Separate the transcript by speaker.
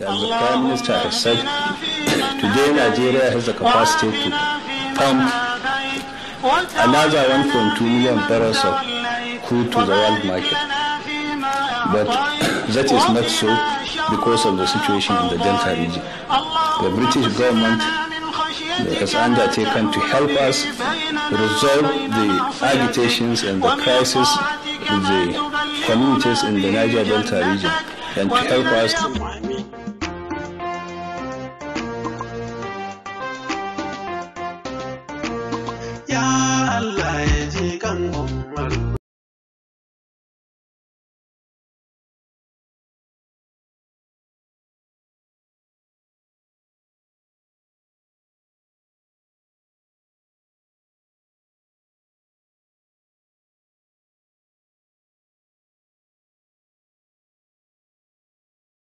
Speaker 1: As the Prime Minister has said, today Nigeria has the capacity to pump another 1.2 million barrels of crude to the world market. But that is not so because of the situation in the Delta region. The British government has undertaken to help us resolve the agitations and the crisis with the communities in the Niger Delta region and to help
Speaker 2: us